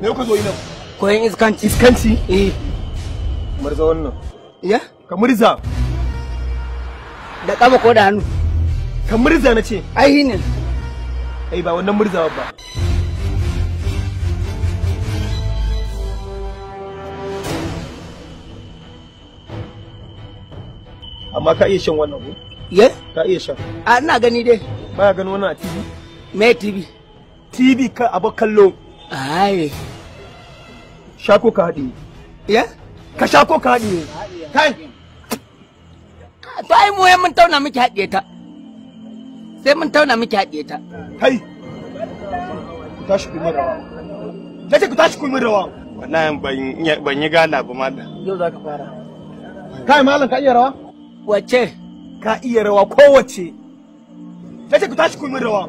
Me kuka zo yi nan? Koyan iskanci. Iskanci? Eh. Murza wannan. Ya? Ka murza. Da kama ko da hannu. Ka murza na ce. Ai ne. Ai ba wannan murzawa ba. amma ka iya shan wannan ko? Ye? Ka iya shan. A ina gani dai. Baya gani wannan a TV? Me TV? TV ka abu kallo. Ai. Shako ko ka haɗe. Ya? Ka shako ko ka haɗe. Kai. To ai mu mun tauna miki haɗe ta. Sai mun tauna miki haɗe ta. Kai. Ku tashi ku min rawa. Na ce ku tashi ku min wa Wallahi ban yi gala ba malam. Yau za ka fara. Kai malam ka iya rawa? Wace? Ka iya rawa kowace. Na ce ku tashi ku min wa.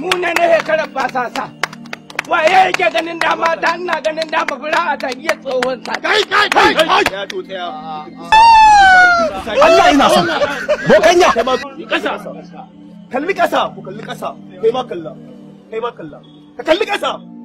mu ne na shekarar basasa waye yake ganin dama ta ina ganin dama fura a ta iya tsohon sa kai kai kai kai Allah ina son bokanya kasa kalli kasa kalli kasa kai ma kalla kai ma kalla ka kalli kasa